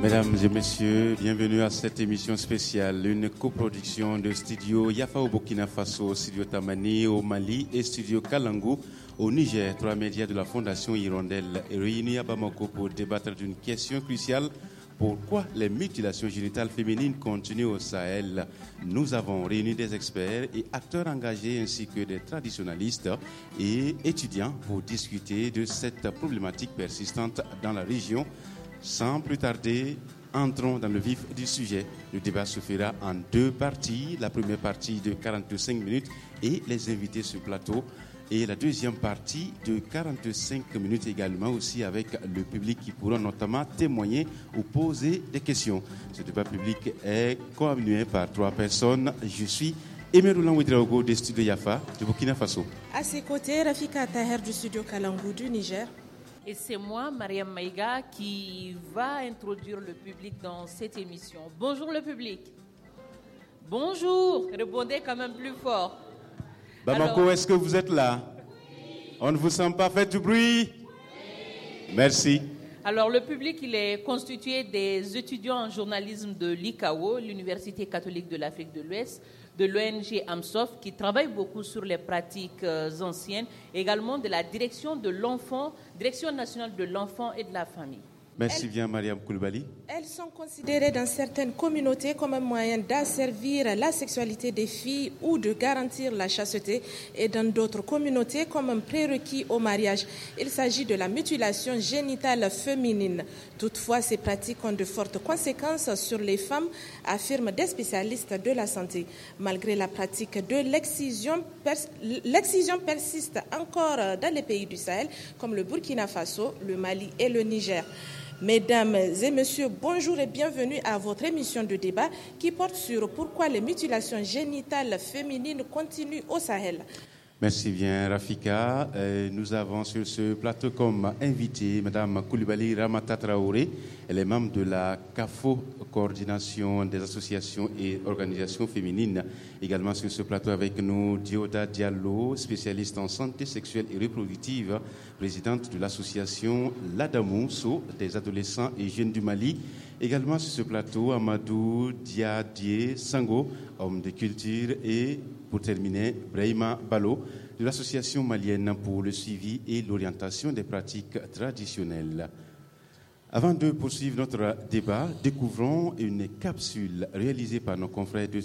Mesdames et messieurs, bienvenue à cette émission spéciale, une coproduction de Studio Yafa au Burkina Faso, Studio Tamani au Mali et Studio Kalangu au Niger. Trois médias de la Fondation Hirondelle réunis à Bamako pour débattre d'une question cruciale. Pourquoi les mutilations génitales féminines continuent au Sahel Nous avons réuni des experts et acteurs engagés ainsi que des traditionnalistes et étudiants pour discuter de cette problématique persistante dans la région. Sans plus tarder, entrons dans le vif du sujet. Le débat se fera en deux parties. La première partie de 45 minutes et les invités sur plateau et la deuxième partie de 45 minutes également aussi avec le public qui pourra notamment témoigner ou poser des questions. Ce débat public est coanimé par trois personnes. Je suis Emeroulan Ouidraogo des studio Yafa de Burkina Faso. À ses côtés, Rafika Taher du studio Kalangou du Niger. Et c'est moi, Mariam Maïga, qui va introduire le public dans cette émission. Bonjour le public. Bonjour. Répondez quand même plus fort. Bamako, est-ce que vous êtes là On ne vous sent pas Faites du bruit Merci. Alors, le public, il est constitué des étudiants en journalisme de l'ICAO, l'Université catholique de l'Afrique de l'Ouest, de l'ONG AMSOF, qui travaille beaucoup sur les pratiques euh, anciennes, également de la direction de l'enfant, direction nationale de l'enfant et de la famille. Merci elles, bien, Mariam Elles sont considérées dans certaines communautés comme un moyen d'asservir la sexualité des filles ou de garantir la chasteté et dans d'autres communautés comme un prérequis au mariage. Il s'agit de la mutilation génitale féminine. Toutefois, ces pratiques ont de fortes conséquences sur les femmes, affirment des spécialistes de la santé. Malgré la pratique de l'excision, l'excision persiste encore dans les pays du Sahel comme le Burkina Faso, le Mali et le Niger. Mesdames et messieurs, bonjour et bienvenue à votre émission de débat qui porte sur pourquoi les mutilations génitales féminines continuent au Sahel. Merci bien, Rafika. nous avons sur ce plateau comme invité Mme Koulibaly Ramata Traoré. Elle est membre de la CAFO, Coordination des associations et organisations féminines. Également sur ce plateau avec nous, Dioda Diallo, spécialiste en santé sexuelle et reproductive, présidente de l'association Ladamouso des adolescents et jeunes du Mali. Également sur ce plateau, Amadou Diadie Sango, homme de culture et pour terminer, Brahima Balo de l'Association malienne pour le suivi et l'orientation des pratiques traditionnelles. Avant de poursuivre notre débat, découvrons une capsule réalisée par nos confrères de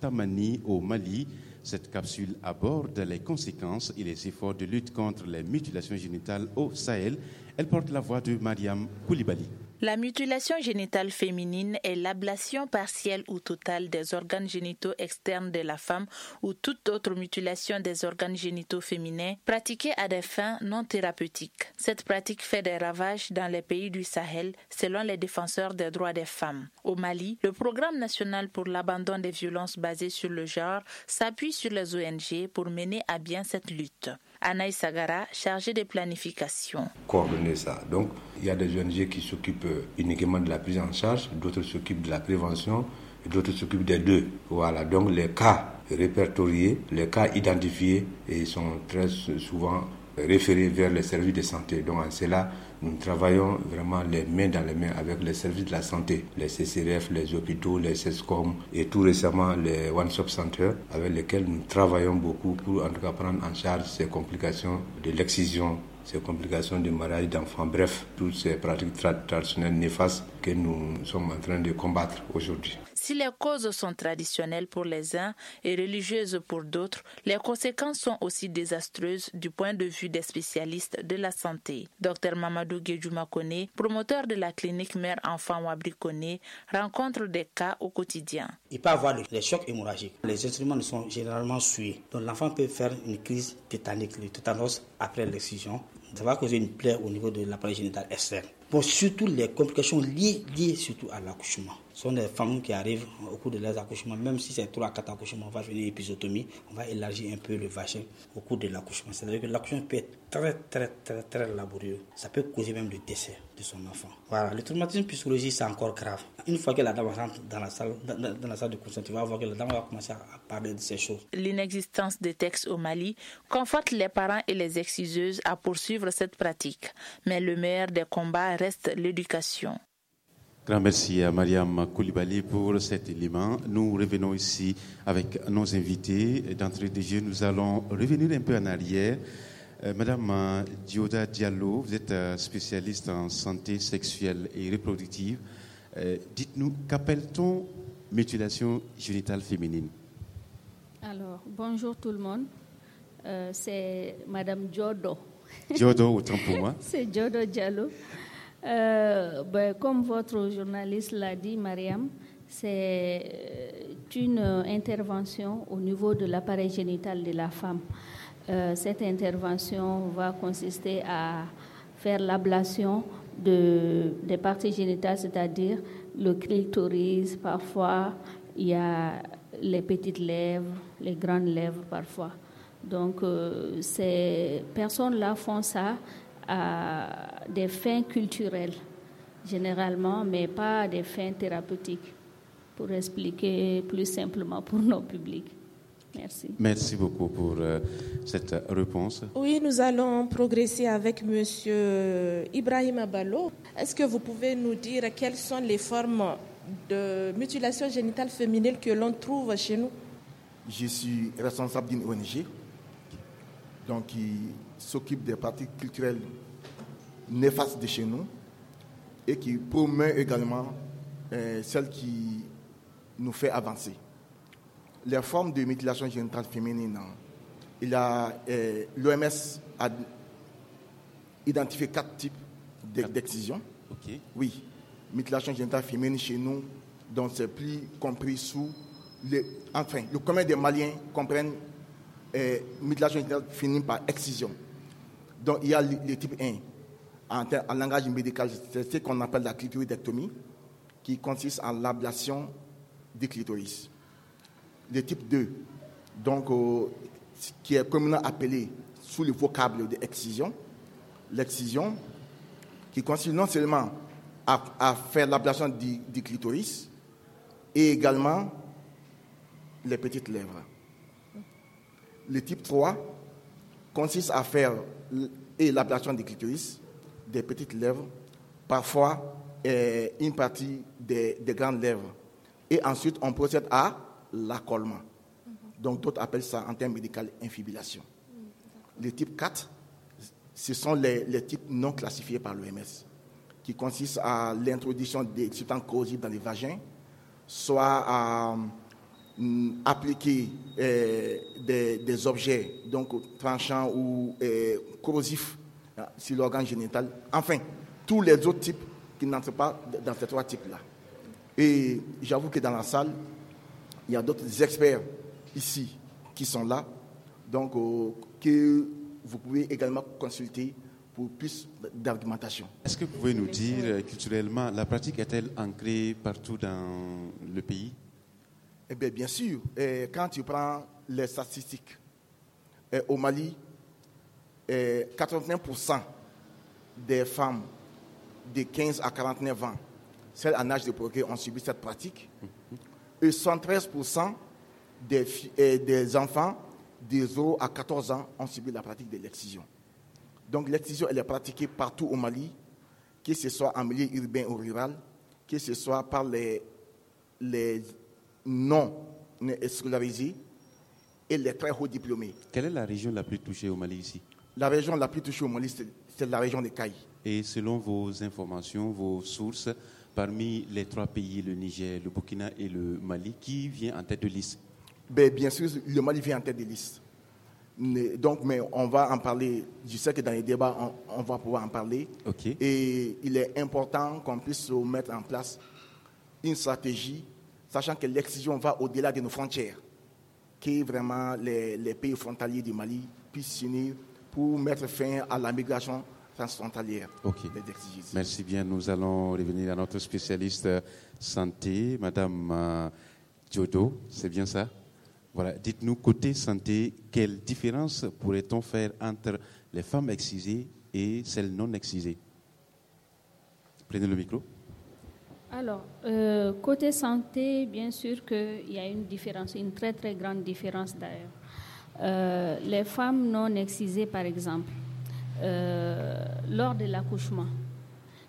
Tamani au Mali. Cette capsule aborde les conséquences et les efforts de lutte contre les mutilations génitales au Sahel. Elle porte la voix de Mariam Koulibaly. La mutilation génitale féminine est l'ablation partielle ou totale des organes génitaux externes de la femme ou toute autre mutilation des organes génitaux féminins pratiquée à des fins non thérapeutiques. Cette pratique fait des ravages dans les pays du Sahel selon les défenseurs des droits des femmes. Au Mali, le programme national pour l'abandon des violences basées sur le genre s'appuie sur les ONG pour mener à bien cette lutte. Anaïs Sagara, chargé de planification. Coordonner ça. Donc, il y a des ONG qui s'occupent uniquement de la prise en charge, d'autres s'occupent de la prévention, d'autres s'occupent des deux. Voilà, donc les cas répertoriés, les cas identifiés, et sont très souvent référés vers les services de santé. Donc en cela, nous travaillons vraiment les mains dans les mains avec les services de la santé, les CCRF, les hôpitaux, les CESCOM et tout récemment les One Stop Center avec lesquels nous travaillons beaucoup pour en tout cas prendre en charge ces complications de l'excision ces complications de mariage d'enfants, bref, toutes ces pratiques traditionnelles néfastes que nous sommes en train de combattre aujourd'hui. Si les causes sont traditionnelles pour les uns et religieuses pour d'autres, les conséquences sont aussi désastreuses du point de vue des spécialistes de la santé. Dr Mamadou Guedjoumakone, promoteur de la clinique mère-enfant Wabrikone, rencontre des cas au quotidien. Il peut avoir des chocs hémorragiques. Les instruments sont généralement sués. Donc l'enfant peut faire une crise tétanique, le tétanos, après l'excision. Ça va causer une plaie au niveau de l'appareil génital externe. Pour surtout les complications liées, liées surtout à l'accouchement sont des femmes qui arrivent au cours de leurs accouchements, même si c'est 3 à 4 accouchements, on va faire une épisotomie, on va élargir un peu le vagin au cours de l'accouchement. C'est-à-dire que l'accouchement peut être très, très, très, très laborieux. Ça peut causer même le décès de son enfant. Voilà, le traumatisme psychologique, c'est encore grave. Une fois que la dame rentre dans la salle, dans, la salle de consentement, on va voir que la dame va commencer à, à parler de ces choses. L'inexistence des textes au Mali conforte les parents et les exciseuses à poursuivre cette pratique. Mais le meilleur des combats reste l'éducation. Grand merci à Mariam Koulibaly pour cet élément. Nous revenons ici avec nos invités. D'entrée de jeu, nous allons revenir un peu en arrière. Euh, Madame Dioda Diallo, vous êtes euh, spécialiste en santé sexuelle et reproductive. Euh, dites-nous, qu'appelle-t-on mutilation génitale féminine Alors, bonjour tout le monde. C'est Madame Diodo. Diodo, autant pour moi. C'est Diodo Diallo. Euh, ben, Comme votre journaliste l'a dit, Mariam, c'est euh, une euh, intervention au niveau de l'appareil génital de la femme. cette intervention va consister à faire l'ablation de, des parties génitales, c'est-à-dire le clitoris, parfois il y a les petites lèvres, les grandes lèvres parfois. Donc ces personnes-là font ça à euh, des fins culturelles généralement, mais pas à des fins thérapeutiques, pour expliquer plus simplement pour nos publics. Merci. Merci beaucoup pour euh, cette réponse. Oui, nous allons progresser avec M. Ibrahim Abalo. Est-ce que vous pouvez nous dire quelles sont les formes de mutilation génitale féminine que l'on trouve chez nous Je suis responsable d'une ONG donc qui s'occupe des pratiques culturelles néfastes de chez nous et qui promeut également euh, celles qui nous fait avancer. Les formes de mutilation génitale féminine, hein, euh, l'OMS a, identifié quatre types d'excisions. Oui, mutilation génitale féminine chez nous, dont c'est plus compris sous... Les, enfin, le commun des Maliens comprennent et mutilation finit par excision. Donc il y a le type 1, en, langage médical, c'est ce qu'on appelle la clitoridectomie, qui consiste en l'ablation du clitoris. Le type 2, donc, euh, qui est communément appelé sous le vocable de excision, l'excision, qui consiste non seulement à, faire l'ablation du clitoris, et également les petites lèvres le type 3 consiste à faire l'ablation des clitoris, des petites lèvres, parfois euh, une partie des, grandes lèvres. Et ensuite, on procède à l'accolement. Mhm. Donc, d'autres appellent ça en termes médicaux infibulation. Mhm. Le type 4, ce sont les, types non classifiés par l'OMS, qui consistent à l'introduction des substances dans les vagins, soit à Mm, appliquer euh, des, objets donc tranchants ou euh, corrosifs ah, sur l'organe génital. Enfin, tous les autres types qui n'entrent pas dans ces trois types-là. Et j'avoue que dans la salle, il y a d'autres experts ici qui sont là, donc euh, que vous pouvez également consulter pour plus d'argumentation. Est-ce que vous pouvez nous dire culturellement, la pratique est-elle ancrée partout dans le pays eh bien, bien sûr, eh, quand tu prends les statistiques, eh, au Mali, eh, 81% des femmes de 15 à 49 ans, celles en âge de progrès, ont subi cette pratique. Et 113% des, eh, des enfants de 0 à 14 ans ont subi la pratique de l'excision. Donc l'excision, elle est pratiquée partout au Mali, que ce soit en milieu urbain ou rural, que ce soit par les, les non scolarisés et est très haut diplômés. Quelle est la région la plus touchée au Mali ici La région la plus touchée au Mali, c'est la région de Caï. Et selon vos informations, vos sources, parmi les trois pays, le Niger, le Burkina et le Mali, qui vient en tête de liste ben, Bien sûr, le Mali vient en tête de liste. donc, mais on va en parler. Je sais que dans les débats, on, va pouvoir en parler. Et il est important qu'on puisse mettre en place une stratégie sachant que l'excision va au-delà de nos frontières, que vraiment les, pays frontaliers du Mali puissent s'unir pour mettre fin à la migration transfrontalière Merci bien. Nous allons revenir à notre spécialiste euh, santé, Madame euh, Diodo. C'est bien ça voilà. Dites-nous, côté santé, quelle différence pourrait-on faire entre les femmes excisées et celles non excisées Prenez le micro. Alors, euh, côté santé, bien sûr qu'il y a une différence, une très très grande différence d'ailleurs. Euh, les femmes non excisées, par exemple, euh, lors de l'accouchement,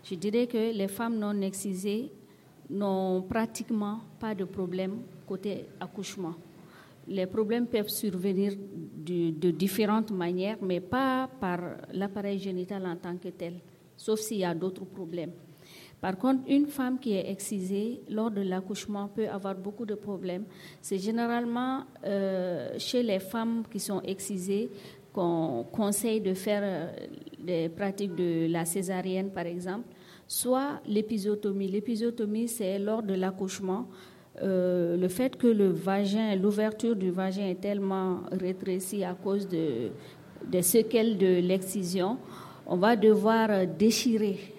je dirais que les femmes non excisées n'ont pratiquement pas de problème côté accouchement. Les problèmes peuvent survenir de différentes manières, mais pas par l'appareil génital en tant que tel, sauf s'il y a d'autres problèmes. Par contre, une femme qui est excisée lors de l'accouchement peut avoir beaucoup de problèmes. C'est généralement euh, chez les femmes qui sont excisées qu'on conseille de faire euh, des pratiques de la césarienne, par exemple, soit l'épisotomie. L'épisotomie, c'est lors de l'accouchement. Euh, le fait que le vagin, l'ouverture du vagin est tellement rétrécie à cause de, des séquelles de l'excision, on va devoir déchirer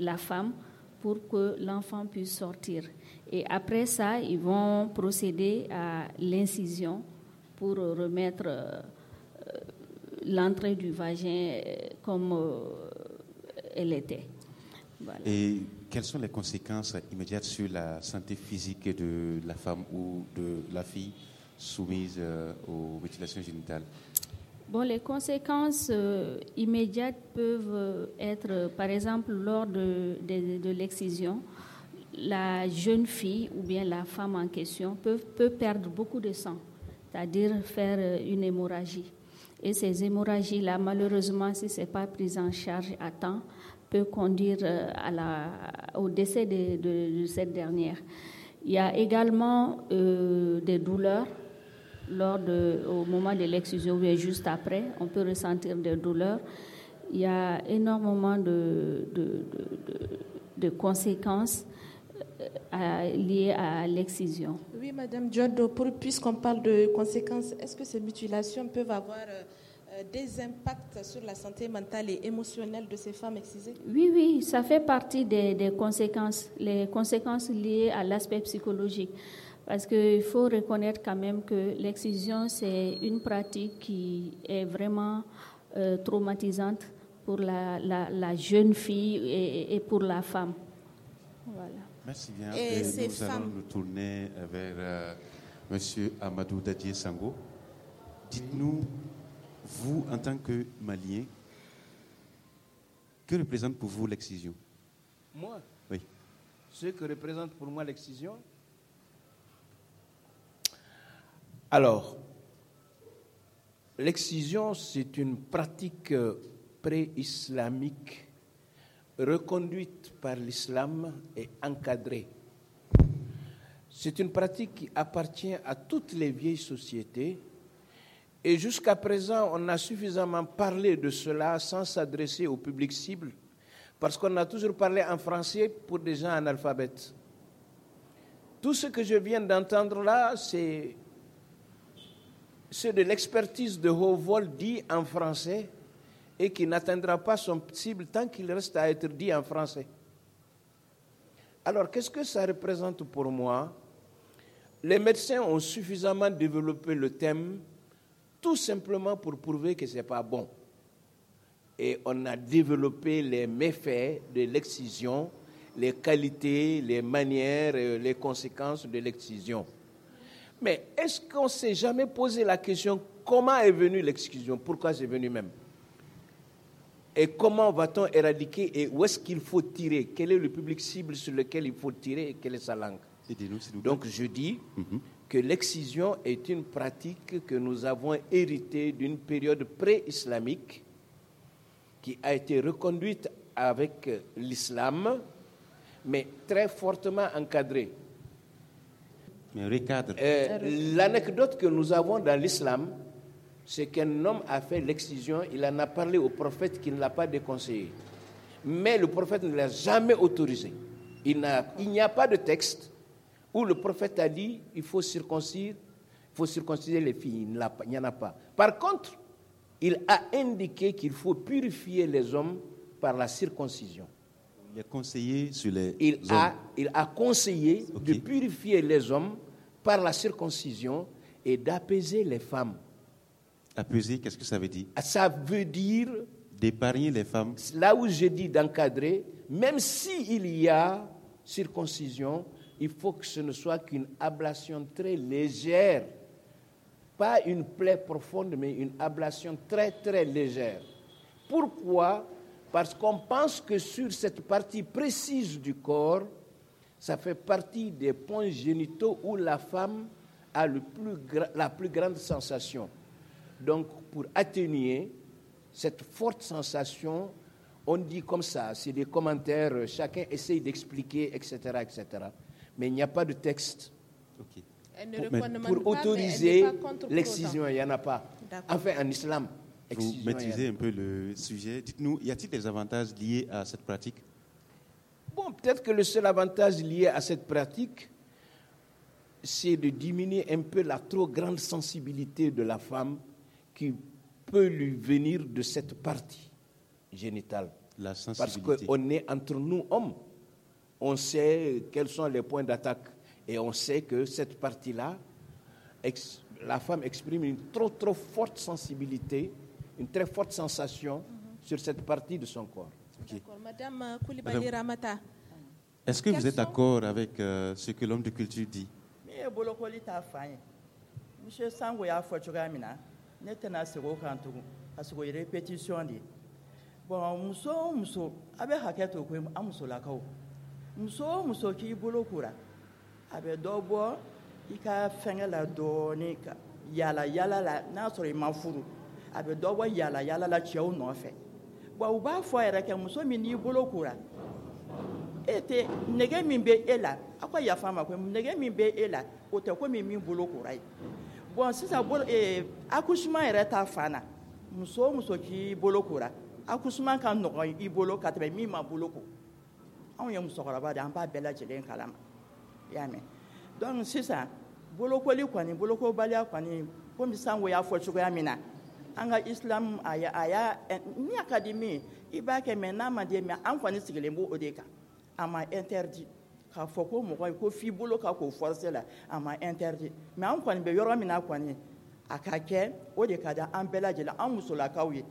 la femme pour que l'enfant puisse sortir. Et après ça, ils vont procéder à l'incision pour remettre euh, l'entrée du vagin euh, comme euh, elle était. Et quelles sont les conséquences immédiates sur la santé physique de la femme ou de la fille soumise aux mutilations génitales Bon, les conséquences euh, immédiates peuvent euh, être, euh, par exemple, lors de, l'excision, la jeune fille ou bien la femme en question peut, peut perdre beaucoup de sang, c'est-à-dire faire une hémorragie. Et ces hémorragies-là, malheureusement, si ce n'est pas pris en charge à temps, peut conduire à la, au décès de, cette dernière. Il y a également des douleurs lors de, au moment de l'excision ou juste après, on peut ressentir des douleurs. Il y a énormément de, conséquences euh, liées à l'excision. Oui, Madame Giordo, puisqu'on parle de conséquences, est-ce que ces mutilations peuvent avoir euh, euh, des impacts sur la santé mentale et émotionnelle de ces femmes excisées Oui, oui, ça fait partie des, des conséquences, les conséquences liées à l'aspect psychologique. Parce qu'il faut reconnaître quand même que l'excision, c'est une pratique qui est vraiment euh, traumatisante pour la, jeune fille et, pour la femme. Voilà. Merci bien. Et, nous allons nous tourner vers euh, M. Amadou Dadier Sango. Dites-nous, vous, en tant que Malien, que représente pour vous l'excision Moi Oui. Ce que représente pour moi l'excision, Alors, l'excision, c'est une pratique euh, pré-islamique reconduite par l'islam et encadrée. C'est une pratique qui appartient à toutes les vieilles sociétés et jusqu'à présent, on a suffisamment parlé de cela sans s'adresser au public cible parce qu'on a toujours parlé en français pour des gens analphabètes. Tout ce que je viens d'entendre là, c'est c'est de l'expertise de haut vol dit en français et qui n'atteindra pas son cible tant qu'il reste à être dit en français. Alors, qu'est-ce que ça représente pour moi Les médecins ont suffisamment développé le thème tout simplement pour prouver que ce n'est pas bon. Et on a développé les méfaits de l'excision, les qualités, les manières, euh, les conséquences de l'excision. Mais est-ce qu'on ne s'est jamais posé la question comment est venue l'exclusion Pourquoi c'est venu même Et comment va-t-on éradiquer Et où est-ce qu'il faut tirer Quel est le public cible sur lequel il faut tirer et quelle est sa langue Donc je dis mhm. que l'excision est une pratique que nous avons héritée d'une période pré-islamique qui a été reconduite avec l'islam, mais très fortement encadrée. Euh, l'anecdote que nous avons dans l'islam, c'est qu'un homme a fait l'excision, il en a parlé au prophète qui ne l'a pas déconseillé. Mais le prophète ne l'a jamais autorisé. Il n'y a, pas de texte où le prophète a dit il faut circoncire, faut circonciser les filles. Il n'y en a pas. Par contre, il a indiqué qu'il faut purifier les hommes par la circoncision. Il a conseillé sur les conseillé de purifier les hommes par la circoncision et d'apaiser les femmes. Apaiser, qu'est-ce que ça veut dire ah, Ça veut dire... D'épargner les femmes. Là où je dis d'encadrer, même s'il y a circoncision, il faut que ce ne soit qu'une ablation très légère. Pas une plaie profonde, mais une ablation très, très légère. Pourquoi parce qu'on pense que sur cette partie précise du corps, ça fait partie des points génitaux où la femme a le plus la plus grande sensation. Donc, pour atténuer cette forte sensation, on dit comme ça, c'est des commentaires, euh, chacun essaye d'expliquer, etc., etc. Mais il n'y a pas de texte pour, pour, autoriser hein. l'excision, il n'y en a pas. Enfin, en islam. Vous maîtrisez un peu le sujet. Dites-nous, y a-t-il des avantages liés à cette pratique Bon, peut-être que le seul avantage lié à cette pratique, c'est de diminuer un peu la trop grande sensibilité de la femme qui peut lui venir de cette partie génitale. La sensibilité. Parce qu'on est entre nous hommes. On sait quels sont les points d'attaque. Et on sait que cette partie-là, la femme exprime une trop trop forte sensibilité une très forte sensation sur cette partie de son corps. Okay. Madame euh, Koulibaly Ramata. Est-ce que vous êtes d'accord avec euh, ce que l'homme de culture dit Monsieur Sango ya fɔcogoya min na ne tɛna segi o kan tugun ka segi o ye répétition de ye bɔn muso la muso a bɛ hakɛ to koyi an musolakaw muso o muso k'i bolo kora a bɛ dɔ la i ka la dɔɔnin ka la n'a sɔrɔ i ma furu a bɛ dɔ bɔ yala la cɛw nɔfɛ wa u b'a fɔ yɛrɛ kɛ muso min n'i bolo kora e tɛ nege min bɛ e la aw ka yafa ma nege min bɛ e la o tɛ komi min bolo kora ye bon sisan e, akusuma yɛrɛ ta fan na muso o muso k'i bolo kora accouchement ka nɔgɔn i bolo ka tɛmɛ min ma bolo ko anw ye musokɔrɔba de ye an b'a bɛɛ lajɛlen kalama i y'a mɛn donc sisan bolokoli kɔni bolokobaliya kɔni komi sango y'a fɔ cogoya min na an ka islam a y'a a y'a i b'a kɛ mɛ n'a man d'i mɛ an kɔni sigilen b'o de kan a ma interdit k'a fɔ ko mɔgɔ ye ko f'i bolo ka k'o forcer la a ma interdit mɛ an kɔni bɛ yɔrɔ min na kɔni a ka kɛ o de ka di an bɛɛ lajɛlen an musolakaw ye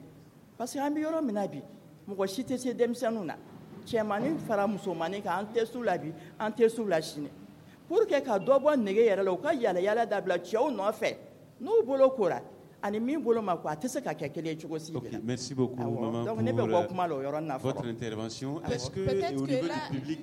parce que an bɛ yɔrɔ min na bi mɔgɔ si tɛ se denmisɛnninw na cɛmannin fara musomannin kan an tɛ s'u la bi an tɛ s'u la sini pour que ka dɔ bɔ nege yɛrɛ la u ka yala yala dabila cɛw nɔfɛ n'u bolo kora merci beaucoup maman euh, votre intervention est-ce que au niveau du public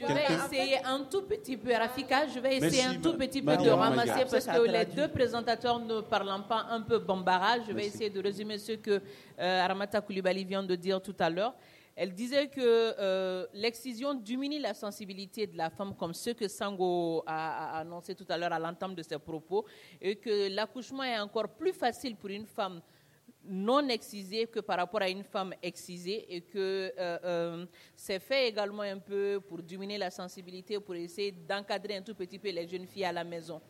je vais essayer un tout petit peu Rafika je vais essayer un tout petit peu de ramasser parce que les deux présentateurs ne parlent pas un peu bombardage. je vais essayer de résumer ce que euh, Aramata Koulibaly vient de dire tout à l'heure elle disait que euh, l'excision diminue la sensibilité de la femme, comme ce que Sango a, annoncé tout à l'heure à l'entente de ses propos, et que l'accouchement est encore plus facile pour une femme non excisée que par rapport à une femme excisée, et que euh, euh, c'est fait également un peu pour diminuer la sensibilité, pour essayer d'encadrer un tout petit peu les jeunes filles à la maison.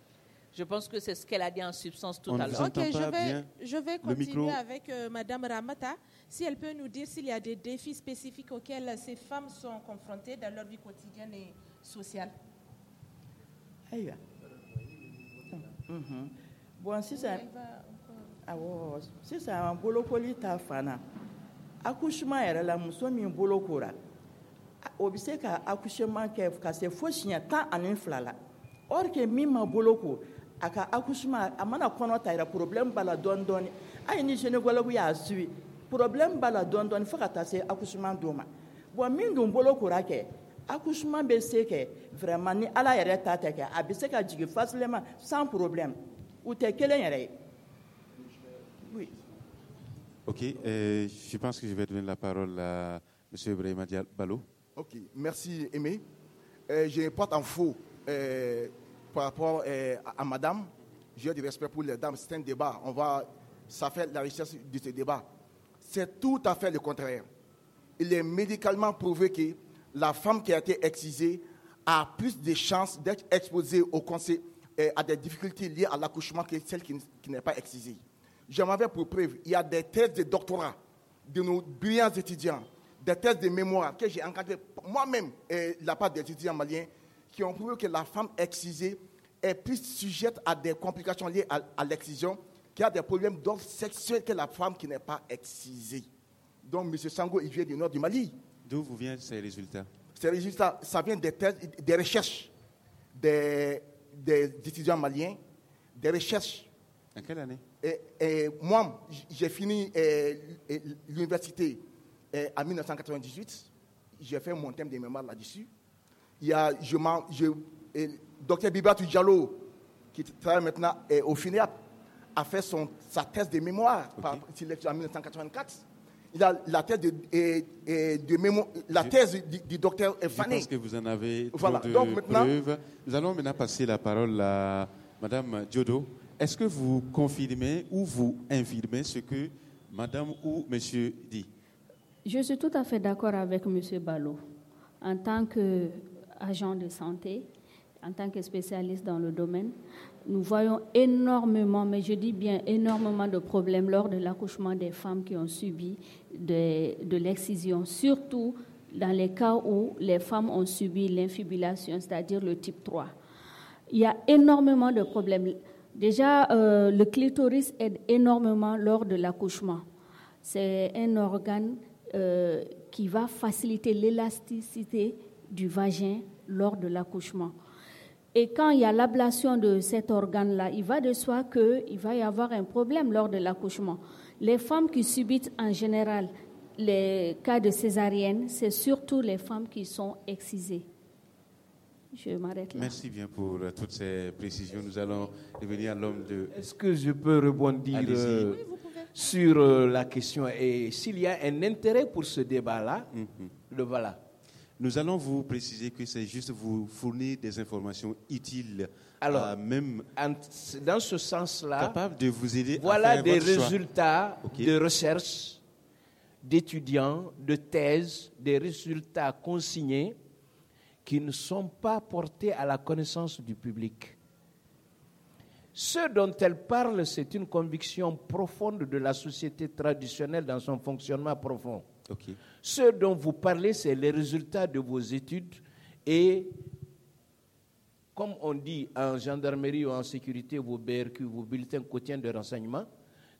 Je pense que c'est ce qu'elle a dit en substance tout à l'heure. Ok, je vais, je vais, continuer avec Madame Ramata. Si elle peut nous dire s'il y a des défis spécifiques auxquels ces femmes sont confrontées dans leur vie quotidienne et sociale. Aywa. Mm-hmm. Bon, ah awɔ oh, si bolokoli un fan tafana. accouchement c'est la muso min bolokora ah, Obiseka, bɛ accouchement kɛ ka se fo siɲɛ tan ani or que min un boloko a ka accouchement a mana problème b'a la dɔɔni dɔɔni hali ni gynécologue y'a suivi problème b'a la dɔɔnin attacher fo ka taa se accouchement don ma bon min dun bolo kora kɛ accouchement bɛ se vraiment ni Ala yɛrɛ ta tɛ kɛ a bɛ se ka jigin facilement sans problème u tɛ kelen yɛrɛ ye oui Ok, euh, je pense que je vais donner la parole à M. Ibrahim Diallo. Ok, merci Aimé. Euh, je porte en faux euh, par rapport euh, à, à Madame. J'ai du respect pour les dames, c'est un débat. On va, ça fait la richesse de ce débat. C'est tout à fait le contraire. Il est médicalement prouvé que la femme qui a été excisée a plus de chances d'être exposée au conseil, euh, à des difficultés liées à l'accouchement que celle qui, n'est pas excisée. J'en avais pour preuve, il y a des thèses de doctorat de nos brillants étudiants, des thèses de mémoire que j'ai encadrées moi-même et la part des étudiants maliens qui ont prouvé que la femme excisée est plus sujette à des complications liées à l'excision qui a des problèmes d'ordre sexuel que la femme qui n'est pas excisée. Donc, M. Sango, il vient du nord du Mali. D'où vous viennent ces résultats Ces résultats, ça vient des, des recherches des, étudiants maliens, des recherches. En quelle année et, Moi, j'ai fini eh, eh, l'université eh, en 1998. J'ai fait mon thème de mémoire là-dessus. Il y a, je, je Dr Bibatou Diallo, qui travaille maintenant au FINEAP, a fait son, sa thèse de mémoire en 1984. la thèse du, docteur Fanny. Je pense que vous en avez de Donc, Nous allons maintenant passer la parole à Madame Diodo. Est-ce que vous confirmez ou vous infirmez ce que Madame ou Monsieur dit Je suis tout à fait d'accord avec Monsieur Ballot. En tant qu'agent de santé, en tant que spécialiste dans le domaine, nous voyons énormément, mais je dis bien énormément de problèmes lors de l'accouchement des femmes qui ont subi de, l'excision, surtout dans les cas où les femmes ont subi l'infibulation, c'est-à-dire le type 3. Il y a énormément de problèmes. Déjà, euh, le clitoris aide énormément lors de l'accouchement. C'est un organe euh, qui va faciliter l'élasticité du vagin lors de l'accouchement. Et quand il y a l'ablation de cet organe-là, il va de soi qu'il va y avoir un problème lors de l'accouchement. Les femmes qui subissent en général les cas de césarienne, c'est surtout les femmes qui sont excisées. Je m'arrête là. Merci bien pour euh, toutes ces précisions. Nous allons revenir à l'homme de. Est-ce que je peux rebondir euh, sur euh, la question Et s'il y a un intérêt pour ce débat-là, mhm. le voilà. Nous allons vous préciser que c'est juste vous fournir des informations utiles. Alors, euh, même dans ce sens-là, de vous aider. Voilà des résultats de recherche d'étudiants, de thèses, des résultats consignés qui ne sont pas portés à la connaissance du public. Ce dont elle parle, c'est une conviction profonde de la société traditionnelle dans son fonctionnement profond. OK. Ce dont vous parlez, c'est les résultats de vos études et, comme on dit en gendarmerie ou en sécurité, vos BRQ, vos bulletins quotidiens de renseignement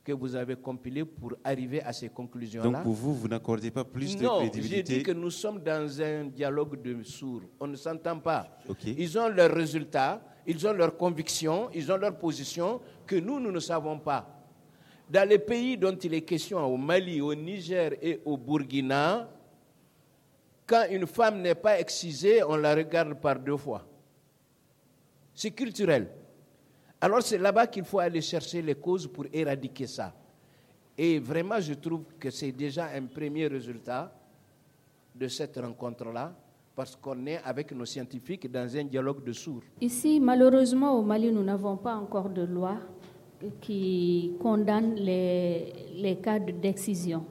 que vous avez compilés pour arriver à ces conclusions-là. Donc pour vous, vous n'accordez pas plus de crédibilité Non, j'ai dit que nous sommes dans un dialogue de sourds. On ne s'entend pas. Ils ont leurs résultats, ils ont leurs convictions, ils ont leurs positions que nous, nous ne savons pas. Dans les pays dont il est question, au Mali, au Niger et au Burkina, quand une femme n'est pas excisée, on la regarde par deux fois. C'est culturel. Alors c'est là-bas qu'il faut aller chercher les causes pour éradiquer ça. Et vraiment, je trouve que c'est déjà un premier résultat de cette rencontre-là, parce qu'on est avec nos scientifiques dans un dialogue de sourds. Ici, malheureusement, au Mali, nous n'avons pas encore de loi qui condamne les, cas d'excision.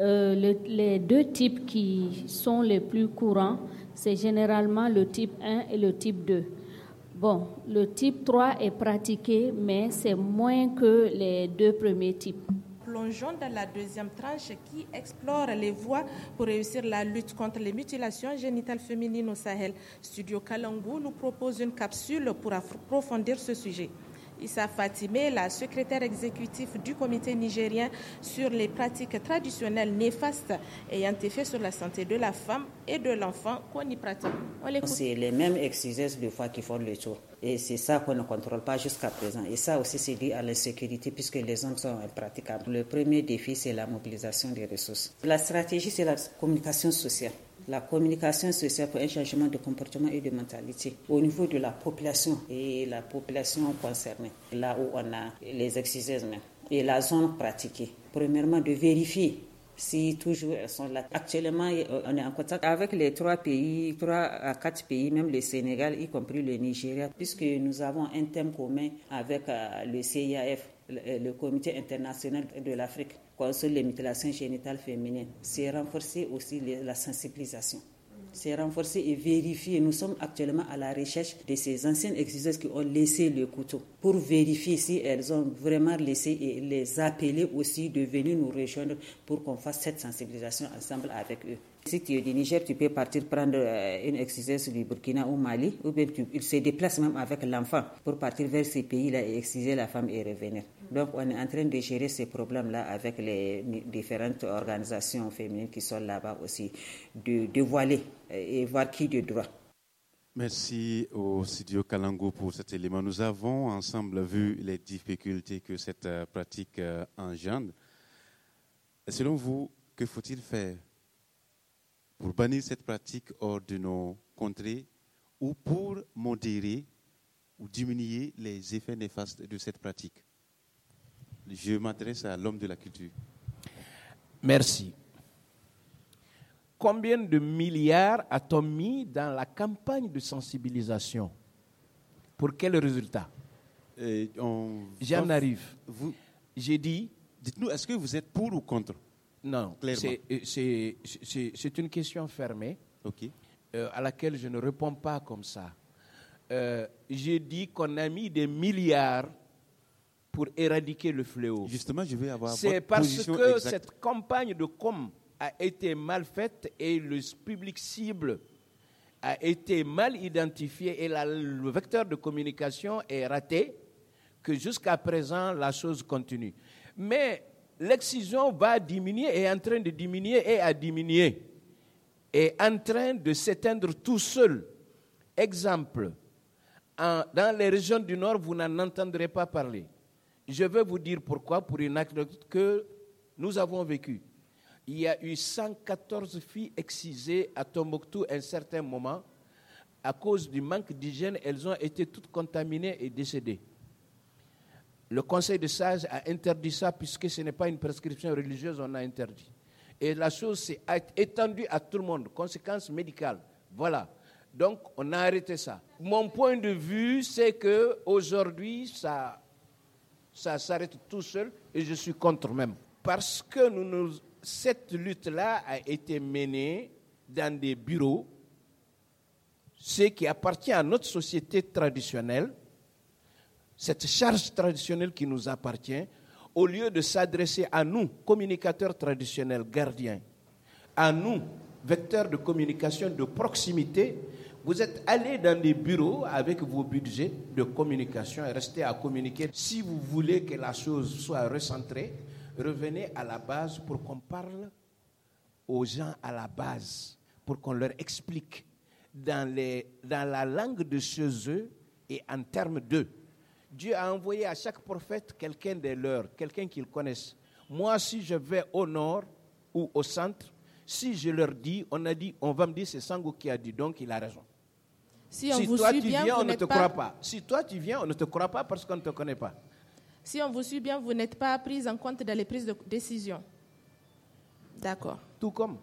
Euh, les deux types qui sont les plus courants, c'est généralement le type 1 et le type 2. Bon, le type 3 est pratiqué, mais c'est moins que les deux premiers types. Plongeons dans la deuxième tranche qui explore les voies pour réussir la lutte contre les mutilations génitales féminines au Sahel. Studio Kalangu nous propose une capsule pour approfondir ce sujet. Issa Fatimé, la secrétaire exécutive du comité nigérien sur les pratiques traditionnelles néfastes ayant effet sur la santé de la femme et de l'enfant qu'on y pratique. C'est les mêmes exigences de fois qui font le tour. Et c'est ça qu'on ne contrôle pas jusqu'à présent. Et ça aussi, c'est lié à l'insécurité puisque les hommes sont impraticables. Le premier défi, c'est la mobilisation des ressources. La stratégie, c'est la communication sociale la communication sociale pour un changement de comportement et de mentalité au niveau de la population et la population concernée, là où on a les exercices et la zone pratiquée. Premièrement, de vérifier si toujours elles sont là. Actuellement, on est en contact avec les trois pays, trois à quatre pays, même le Sénégal, y compris le Nigeria, puisque nous avons un thème commun avec euh, le CIAF, le Comité international de l'Afrique quoi, sont les mutilations génitales féminines. C'est renforcer aussi la sensibilisation. C'est renforcer et vérifier. Nous sommes actuellement à la recherche de ces anciennes exigences qui ont laissé le couteau pour vérifier si elles ont vraiment laissé et les appeler aussi de venir nous rejoindre pour qu'on fasse cette sensibilisation ensemble avec eux. Si tu es du Niger, tu peux partir prendre euh, une exigence du Burkina ou Mali, ou bien tu, se déplace même avec l'enfant pour partir vers ces pays-là et exciser la femme et revenir. Donc on est en train de gérer ces problèmes-là avec les différentes organisations féminines qui sont là-bas aussi, de dévoiler euh, et voir qui de droit. Merci au studio Kalango pour cet élément. Nous avons ensemble vu les difficultés que cette euh, pratique engendre. Selon vous, que faut-il faire pour bannir cette pratique hors de nos contrées ou pour modérer ou diminuer les effets néfastes de cette pratique. Je m'adresse à l'homme de la culture. Merci. Combien de milliards a-t-on mis dans la campagne de sensibilisation Pour quel résultat euh, J'en arrive. J'ai dit. Dites-nous, est-ce que vous êtes pour ou contre non, euh, c'est une question fermée Ok. Euh, à laquelle je ne réponds pas comme ça. Euh, j'ai dit qu'on a mis des milliards pour éradiquer le fléau. Justement, je vais avoir. C'est parce que cette campagne de com a été mal faite et le public cible a été mal identifié et le vecteur de communication est raté que jusqu'à présent la chose continue. Mais l'excision va diminuer, est en train de diminuer et a diminuer et en train de s'éteindre tout seul. Exemple, dans les régions du Nord, vous n'en entendrez pas parler. Je vais vous dire pourquoi, pour une anecdote que nous avons vécue. Il y a eu 114 filles excisées à Tombouctou à un certain moment. À cause du manque d'hygiène, elles ont été toutes contaminées et décédées. Le conseil de sages a interdit ça puisque ce n'est pas une prescription religieuse, on a interdit. Et la chose s'est étendue à tout le monde, conséquence médicale, Voilà. Donc on a arrêté ça. Mon point de vue, c'est que ça, s'arrête tout seul et je suis contre même. Parce que nous, nous, cette lutte-là a été menée dans des bureaux, ce qui appartient à notre société traditionnelle, cette charge traditionnelle qui nous appartient, au lieu de s'adresser à nous, communicateurs traditionnels, gardiens, à nous, vecteurs de communication de proximité, vous êtes allés dans des bureaux avec vos budgets de communication et restez à communiquer. Si vous voulez que la chose soit recentrée, revenez à la base pour qu'on parle aux gens à la base, pour qu'on leur explique dans, dans la langue de chez eux et en termes d'eux. Dieu a envoyé à chaque prophète quelqu'un de leur, quelqu'un qu'ils connaissent. Moi, si je vais au nord ou au centre, si je leur dis, on a dit, on va me dire, c'est Sango qui a dit, donc il a raison. Si, on vous toi tu viens, on ne te croit pas. Si toi tu viens, on ne te croit pas parce qu'on ne te connaît pas. Si on vous suit bien, vous n'êtes pas pris en compte dans les prises de décision. D'accord. Tout comme.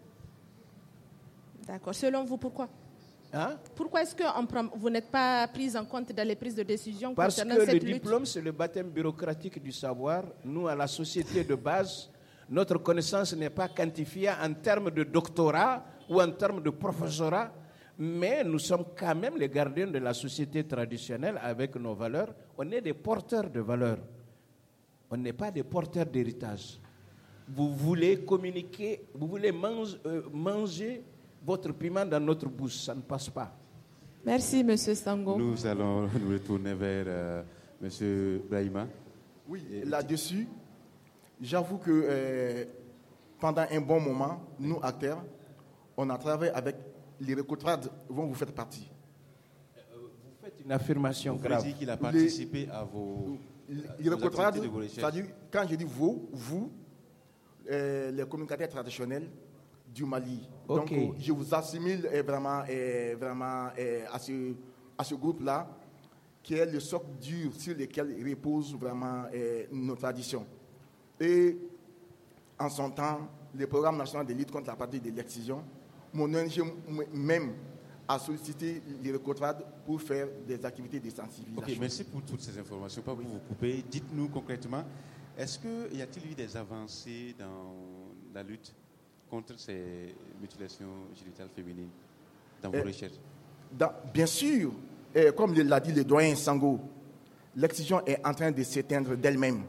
D'accord. Selon vous, pourquoi Hein? Pourquoi est-ce que vous n'êtes pas prise en compte dans les prises de décision Parce que le diplôme, c'est le baptême bureaucratique du savoir. Nous, à la société de base, notre connaissance n'est pas quantifiée en termes de doctorat ou en termes de professorat, mais nous sommes quand même les gardiens de la société traditionnelle avec nos valeurs. On est des porteurs de valeurs. On n'est pas des porteurs d'héritage. Vous voulez communiquer, vous voulez euh, manger votre piment dans notre bouche, ça ne passe pas. Merci, Monsieur Sango. Nous allons nous retourner vers M. Euh, Monsieur Brahima. Oui, là-dessus, j'avoue que euh, pendant un bon moment, nous, acteurs, on a travaillé avec les recrutades dont vous faites partie. Vous faites une affirmation vous grave. qu'il a participé à vos. Les c'est-à-dire, quand je dis vous, vous, euh, les communicateurs traditionnels, du Mali. Donc, je vous assimile eh, vraiment, eh, vraiment eh, à ce, à ce groupe-là, qui est le socle dur sur lequel repose vraiment nos traditions. Et en son temps, le programme national de lutte contre la partie de l'excision, mon ONG même a sollicité les pour faire des activités de sensibilisation. Ok, merci pour toutes ces informations. Pas pour vous couper. Dites-nous concrètement, est-ce qu'il y a-t-il eu des avancées dans la lutte contre ces mutilations génitales féminines dans vos eh, recherches Bien sûr. Eh, comme l'a dit le doyen Sango, l'excision est en train de s'éteindre d'elle-même.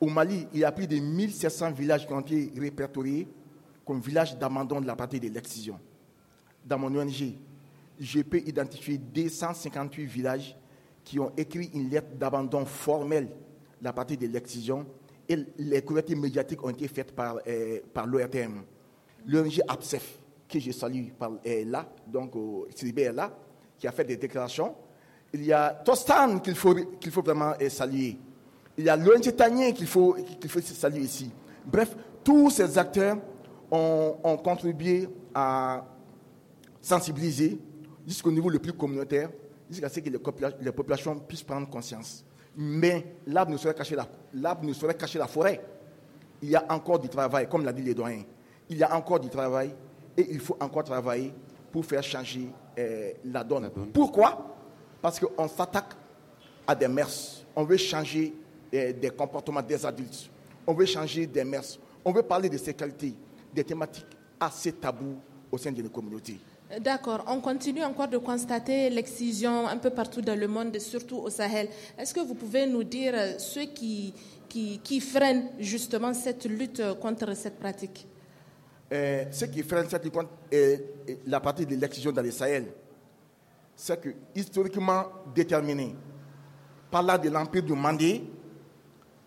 Au Mali, il y a plus de 1700 villages qui ont été répertoriés comme villages d'abandon de la partie de l'excision. Dans mon ONG, je peux identifier 258 villages qui ont écrit une lettre d'abandon formelle de la partie de l'excision et les couvertures médiatiques ont été faites par, euh, par l'ORTM. L'ONG APSEF, que je salue par, euh, là, donc euh, là, qui a fait des déclarations. Il y a Tostan qu'il faut, vraiment saluer. Il y a l'ONG Tanien qu'il faut, qu'il faut saluer ici. Bref, tous ces acteurs ont, ont contribué à sensibiliser jusqu'au niveau le plus communautaire, jusqu'à ce que les, populations puissent prendre conscience mais l'arbre nous saurait caché la, la forêt. Il y a encore du travail, comme l'a dit les doyens. Il y a encore du travail et il faut encore travailler pour faire changer euh, la, donne. Pourquoi Parce qu'on s'attaque à des mers. On veut changer euh, des comportements des adultes. On veut changer des mers. On veut parler de sécurité, des thématiques assez taboues au sein de nos communautés. D'accord. On continue encore de constater l'excision un peu partout dans le monde, surtout au Sahel. Est-ce que vous pouvez nous dire euh, ce qui, qui, freine justement cette lutte euh, contre cette pratique euh, Ce qui freine cette lutte contre la partie de l'excision dans le Sahel, c'est que historiquement déterminé par là de l'empire du Mandé,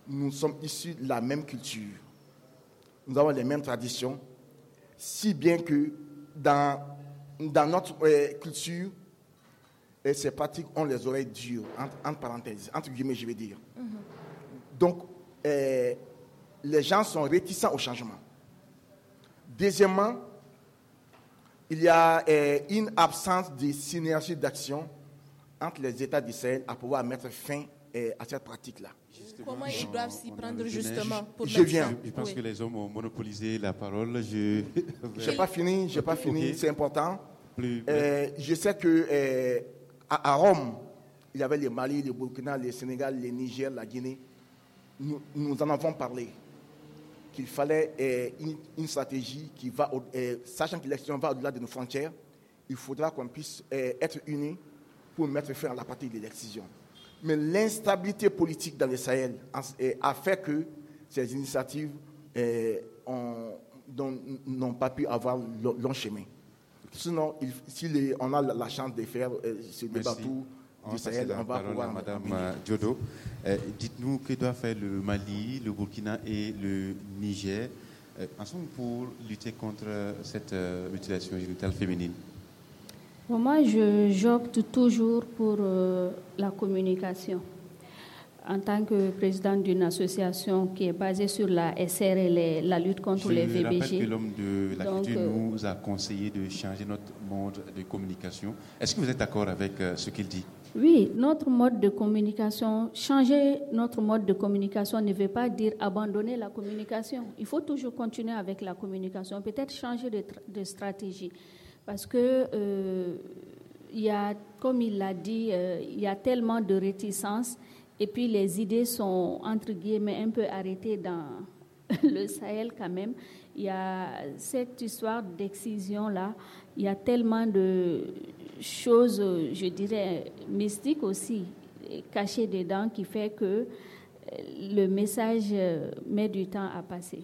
nous sommes issus de la même culture. Nous avons les mêmes traditions, si bien que dans dans notre euh, culture, euh, ces pratiques ont les oreilles dures, entre, parenthèses, entre guillemets, je vais dire. Mm-hmm. Donc, euh, les gens sont réticents au changement. Deuxièmement, il y a une absence de synergie d'action entre les États d'Israël à pouvoir mettre fin à cette pratique-là. Comment ils doivent s'y prendre justement pour Je viens. Je, pense que les hommes ont monopolisé la parole. Je n'ai pas fini, n'ai pas fini, c'est important. Euh, je sais que euh, à, Rome, il y avait le Mali, le Burkina, le Sénégal, le Niger, la Guinée. Nous, en avons parlé. Qu'il fallait euh, une, stratégie qui va, sachant que l'excision va au-delà de nos frontières, il faudra qu'on puisse être unis pour mettre fin à la partie de l'excision. Mais l'instabilité politique dans le Sahel a eh, fait que ces initiatives eh, n'ont pas pu avoir long chemin. Sinon, si on a la chance de faire eh, ce débat du Sahel, on va pouvoir. Madame euh, Diodo, dites-nous que doit faire le Mali, le Burkina et le Niger ensemble pour lutter contre euh, cette euh, mutilation génitale féminine moi, j'opte toujours pour euh, la communication. En tant que président d'une association qui est basée sur la SR et la lutte contre les VBG. Rappelle que l'homme de la culture euh, nous a conseillé de changer notre mode de communication. Est-ce que vous êtes d'accord avec euh, ce qu'il dit Oui, notre mode de communication, changer notre mode de communication ne veut pas dire abandonner la communication. Il faut toujours continuer avec la communication, peut-être changer de stratégie parce que euh, il y a, comme il l'a dit, euh, il y a tellement de réticences et puis les idées sont entre guillemets un peu arrêtées dans le Sahel quand même. Il y a cette histoire d'excision là, il y a tellement de choses, je dirais, mystiques aussi cachées dedans qui fait que euh, le message met du temps à passer.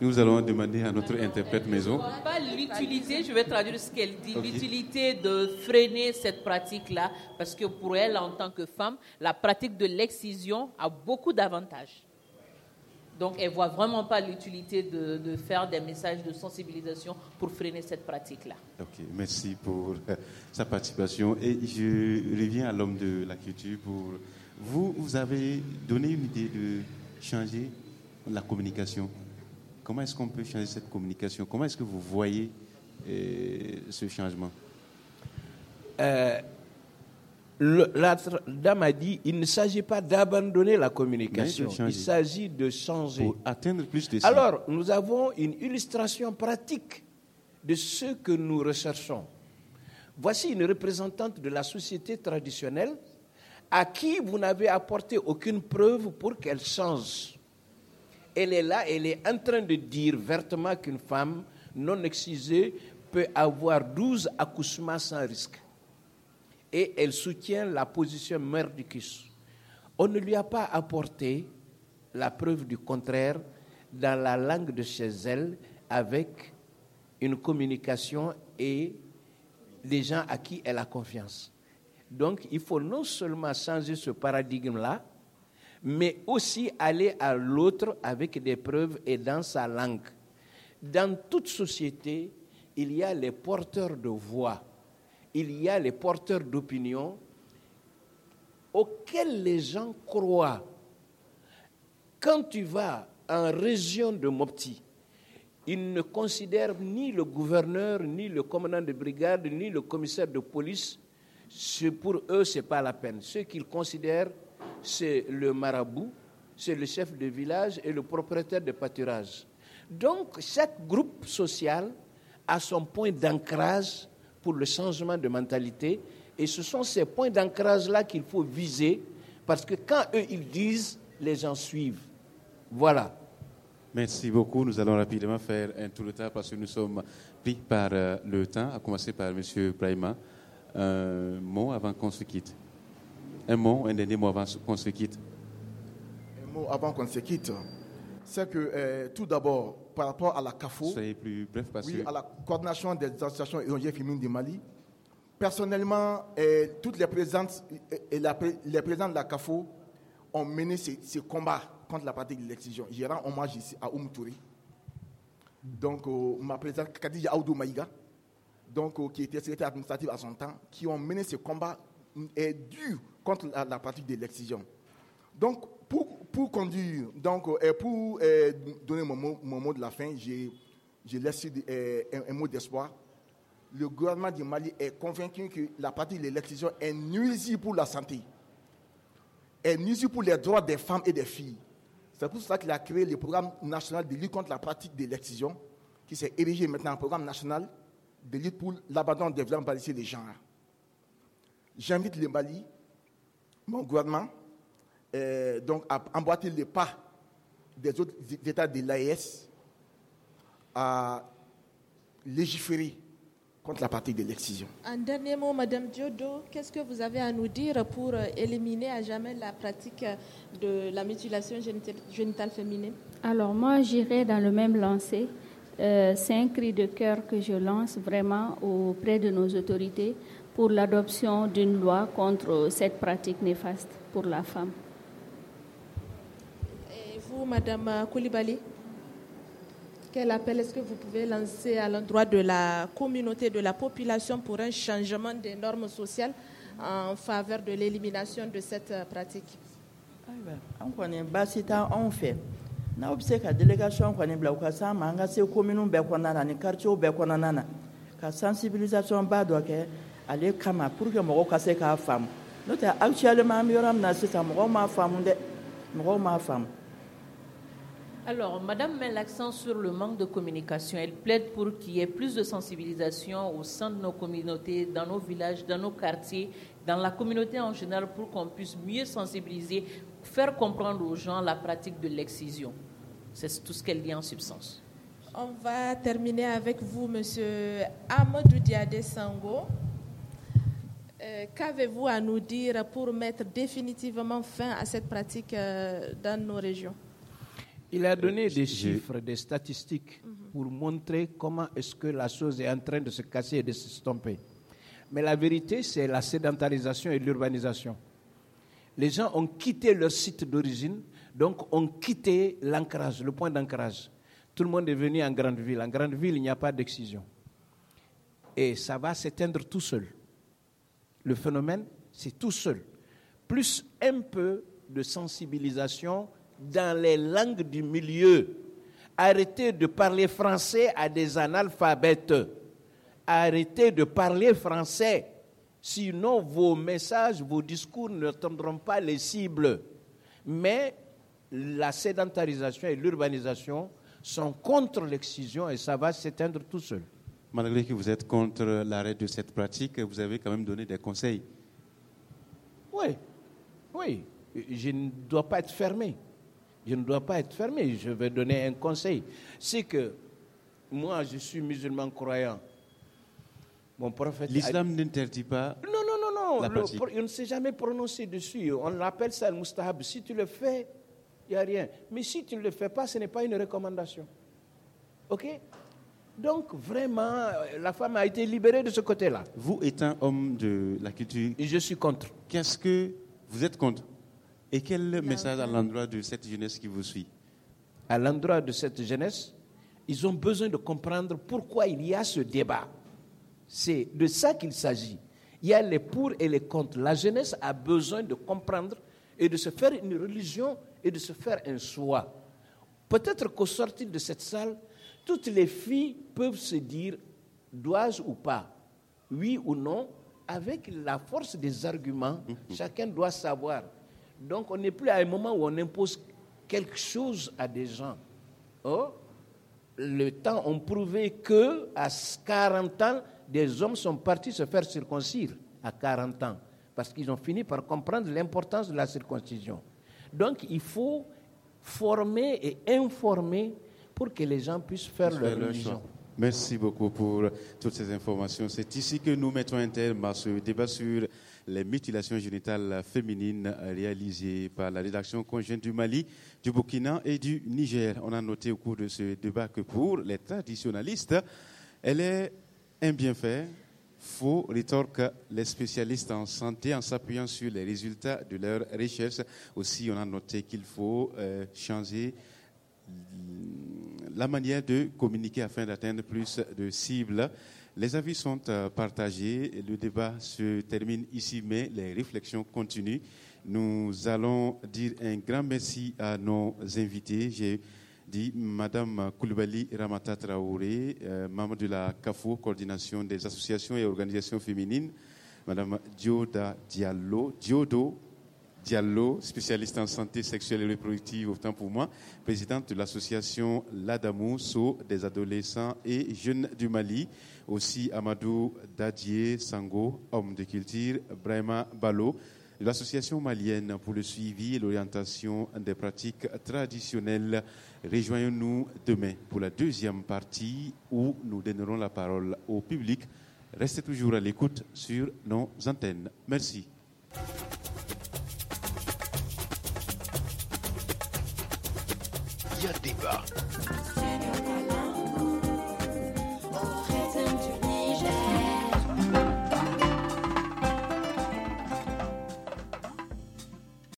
Nous allons demander à notre interprète maison. Pas l'utilité, je vais traduire ce qu'elle dit, l'utilité de freiner cette pratique-là, parce que pour elle, en tant que femme, la pratique de l'excision a beaucoup d'avantages. Donc, elle voit vraiment pas l'utilité de, faire des messages de sensibilisation pour freiner cette pratique-là. Ok, merci pour euh, sa participation. Et je reviens à l'homme de la culture pour vous. Vous avez donné une idée de changer la communication. Comment est-ce qu'on peut changer cette communication Comment est-ce que vous voyez euh, ce changement euh, La dame a dit il ne s'agit pas d'abandonner la communication, il s'agit de changer. Pour atteindre plus de Alors, nous avons une illustration pratique de ce que nous recherchons. Voici une représentante de la société traditionnelle à qui vous n'avez apporté aucune preuve pour qu'elle change elle est là, elle est en train de dire vertement qu'une femme non excisée peut avoir 12 accouchements sans risque. Et elle soutient la position merdicus. On ne lui a pas apporté la preuve du contraire dans la langue de chez elle avec une communication et des gens à qui elle a confiance. Donc il faut non seulement changer ce paradigme-là, mais aussi aller à l'autre avec des preuves et dans sa langue. Dans toute société, il y a les porteurs de voix, il y a les porteurs d'opinion auxquels les gens croient. Quand tu vas en région de Mopti, ils ne considèrent ni le gouverneur, ni le commandant de brigade, ni le commissaire de police. pour eux, ce n'est pas la peine. Ce qu'ils considèrent, c'est le marabout, c'est le chef de village et le propriétaire de pâturage. Donc, chaque groupe social a son point d'ancrage pour le changement de mentalité. Et ce sont ces points d'ancrage-là qu'il faut viser, parce que quand eux, ils disent, les gens suivent. Voilà. Merci beaucoup. Nous allons rapidement faire un tour le temps parce que nous sommes pris par euh, le temps, à commencer par M. Praima. Un mot avant qu'on se quitte. Un mot, un dernier mot avant qu'on se quitte. Un mot avant qu'on se quitte, c'est que euh, tout d'abord, par rapport à la CAFO, plus bref oui, à la coordination des associations étrangères féminines du Mali, personnellement, euh, toutes les présentes, euh, et les présentes de la CAFO ont mené ce combat contre la pratique de l'excision. Je rends hommage ici à Oum Donc, ma présidente Kadija Aoudou Maïga, donc, qui était secrétaire administrative à son temps, qui ont mené ce combat est due contre la, pratique de l'excision. Donc, pour, pour, conduire, donc, euh, et pour euh, donner mon mot, de la fin, j'ai laissé euh, un, mot d'espoir. Le gouvernement du Mali est convaincu que la pratique de l'excision est nuisible pour la santé, est nuisible pour les droits des femmes et des filles. C'est pour cela qu'il a créé le programme national de lutte contre la pratique de l'excision, qui s'est érigé maintenant en programme national de lutte pour l'abandon des violences des les genres. J'invite le Mali, mon gouvernement, euh, donc, à emboîter les pas des autres États de l'AES à légiférer contre la pratique de l'excision. Un dernier mot, Madame Diodo, qu'est-ce que vous avez à nous dire pour euh, éliminer à jamais la pratique de la mutilation génitale féminine Alors moi, j'irai dans le même lancé. Euh, c'est un cri de cœur que je lance vraiment auprès de nos autorités pour l'adoption d'une loi contre cette pratique néfaste pour la femme. Et vous, Madame Koulibaly, quel appel est-ce que vous pouvez lancer à l'endroit de la communauté, de la population pour un changement des normes sociales en faveur de l'élimination de cette pratique An délégation sensibilisation alors, Madame met l'accent sur le manque de communication. Elle plaide pour qu'il y ait plus de sensibilisation au sein de nos communautés, dans nos villages, dans nos quartiers, dans la communauté en général, pour qu'on puisse mieux sensibiliser, faire comprendre aux gens la pratique de l'excision. C'est tout ce qu'elle dit en substance. On va terminer avec vous, Monsieur Amadou Diade Sango. Euh, qu'avez-vous à nous dire pour mettre définitivement fin à cette pratique euh, dans nos régions Il a donné euh, des chiffres, des statistiques mhm. pour montrer comment est-ce que la chose est en train de se casser et de se Mais la vérité, c'est la sédentarisation et l'urbanisation. Les gens ont quitté leur site d'origine, donc ont quitté l'ancrage, le point d'ancrage. Tout le monde est venu en grande ville. En grande ville, il n'y a pas d'excision. Et ça va s'éteindre tout seul le phénomène, c'est tout seul. Plus un peu de sensibilisation dans les langues du milieu. Arrêtez de parler français à des analphabètes. Arrêtez de parler français. Sinon, vos messages, vos discours ne tendront pas les cibles. Mais la sédentarisation et l'urbanisation sont contre l'excision et ça va s'éteindre tout seul malgré que vous êtes contre l'arrêt de cette pratique, vous avez quand même donné des conseils. Oui, oui, je ne dois pas être fermé. Je ne dois pas être fermé. Je vais donner un conseil. C'est que moi, je suis musulman croyant. Mon prophète. L'islam n'interdit pas. Non, non, non, non. on ne s'est jamais prononcé dessus. On l'appelle ça le mustahab. Si tu le fais, il n'y a rien. Mais si tu ne le fais pas, ce n'est pas une recommandation. OK donc vraiment, euh, la femme a été libérée de ce côté-là. Vous étant homme de la culture, et je suis contre. Qu'est-ce que vous êtes contre Et quel message à l'endroit de cette jeunesse qui vous suit À l'endroit de cette jeunesse, ils ont besoin de comprendre pourquoi il y a ce débat. C'est de ça qu'il s'agit. Il y a les pour et les contre. La jeunesse a besoin de comprendre et de se faire une religion et de se faire un soi. Peut-être qu'au sortir de cette salle, toutes les filles peuvent se dire, dois-je ou pas, oui ou non, avec la force des arguments, mhm. chacun doit savoir. Donc on n'est plus à un moment où on impose quelque chose à des gens. Oh, le temps ont prouvé que à 40 ans, des hommes sont partis se faire circoncire à 40 ans parce qu'ils ont fini par comprendre l'importance de la circoncision. Donc il faut former et informer pour que les gens puissent faire leur, Merci beaucoup pour toutes ces informations. C'est ici que nous mettons un terme à ce débat sur les mutilations génitales féminines réalisées par la rédaction conjointe du Mali, du Burkina et du Niger. On a noté au cours de ce débat que pour les traditionalistes, elle est un bienfait, faux, rétorque les spécialistes en santé en s'appuyant sur les résultats de leurs recherches. Aussi, on a noté qu'il faut euh, changer la manière de communiquer afin d'atteindre plus de cibles. Les avis sont euh, partagés. Le débat se termine ici, mais les réflexions continuent. Nous allons dire un grand merci à nos invités. J'ai dit Madame Koulibaly Ramata Traoré, euh, membre de la CAFO, coordination des associations et organisations féminines. Madame Dioda Diallo, Diodo Diallo, spécialiste en santé sexuelle et reproductive, autant pour moi, présidente de l'association L'Adamou, SO des adolescents et jeunes du Mali. Aussi Amadou Dadier Sango, homme de culture, Brahma Balo, l'association malienne pour le suivi et l'orientation des pratiques traditionnelles. Rejoignons-nous demain pour la deuxième partie où nous donnerons la parole au public. Restez toujours à l'écoute sur nos antennes. Merci. Média Débat.